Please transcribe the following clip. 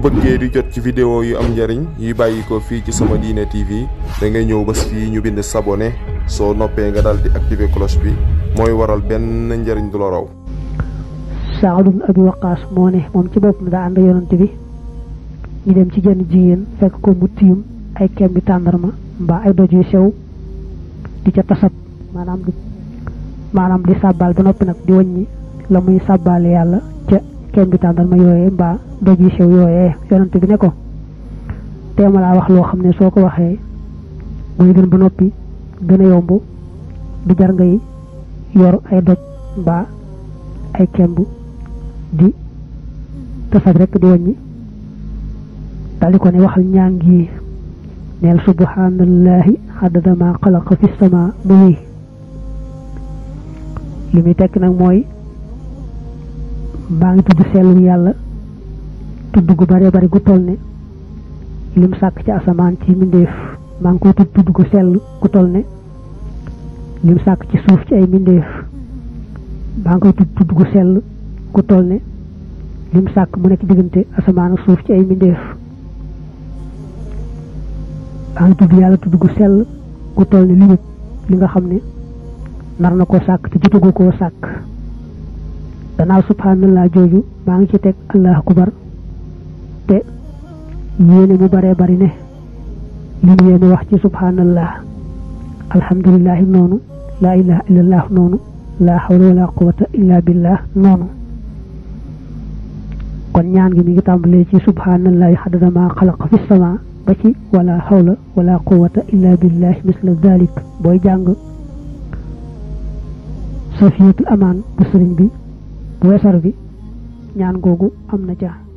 bëggee di jot ci vidéo yu am njariñ yi bàyyi ko fii ci sama diine TV da ngay ñëw bés fii ñu bind sabonné soo noppee nga daal di activé cloche bi mooy waral benn njariñ du la raw. Saad ibn Abi Waqaas moom ci boppam daa ànd yonante bi ñu dem ci jenn jigéen fekk ko mu tiim ay kem bi tàndarma mbaa ay doj yu sew di ca tasab maanaam di maanaam ba noppi nag di wàññi la muy sàbbaale yàlla. kembi ma yooyee mbaa doj yu sew yooyee yonante bi ne ko teema laa wax loo xam ne soo ko waxee mooy gën ba noppi gën a yomb di jar ngay yor ay doj mbaa ay kemb di tasat rek di wàññi dal ko ne waxal ñaang yi neel subhanallahi xaddada ma xalaqa fi sama mu li muy tekk nag mooy baa ngi tudd sellum yàlla tudd gu bare bari gu toll ne lim sàkk ci asamaan ci mbindeef maa ngi koy tudd tudd gu sell gu toll ne lim sàkk ci suuf ci maa ngi koy tudd tudd gu sell gu toll ne lim sàkk mu nekk diggante asamaan ak suuf ci ay mbindeef maa ngi tudd yàlla tudd gu sell gu toll ne limut li nga xam ni mar na koo sàkk te jotagu koo sàkk gannaaw subhanallah jooju maa ngi ci teg allah akubar te yéene mu baree bari ne li ñu yéene wax ci subhanallah alhamdulilahi noonu laa ilaha illallah noonu laa hawla wala quwata illa billah noonu kon ñaan gi mi ngi tàmbalee ci subhanallahi xadada ma xalaq fi sama ba ci wala hawla wala quwata illa billahi misla dalik booy jàng safiyatul amaan bu sëriñ bi wessar bi ñaan googu am na ca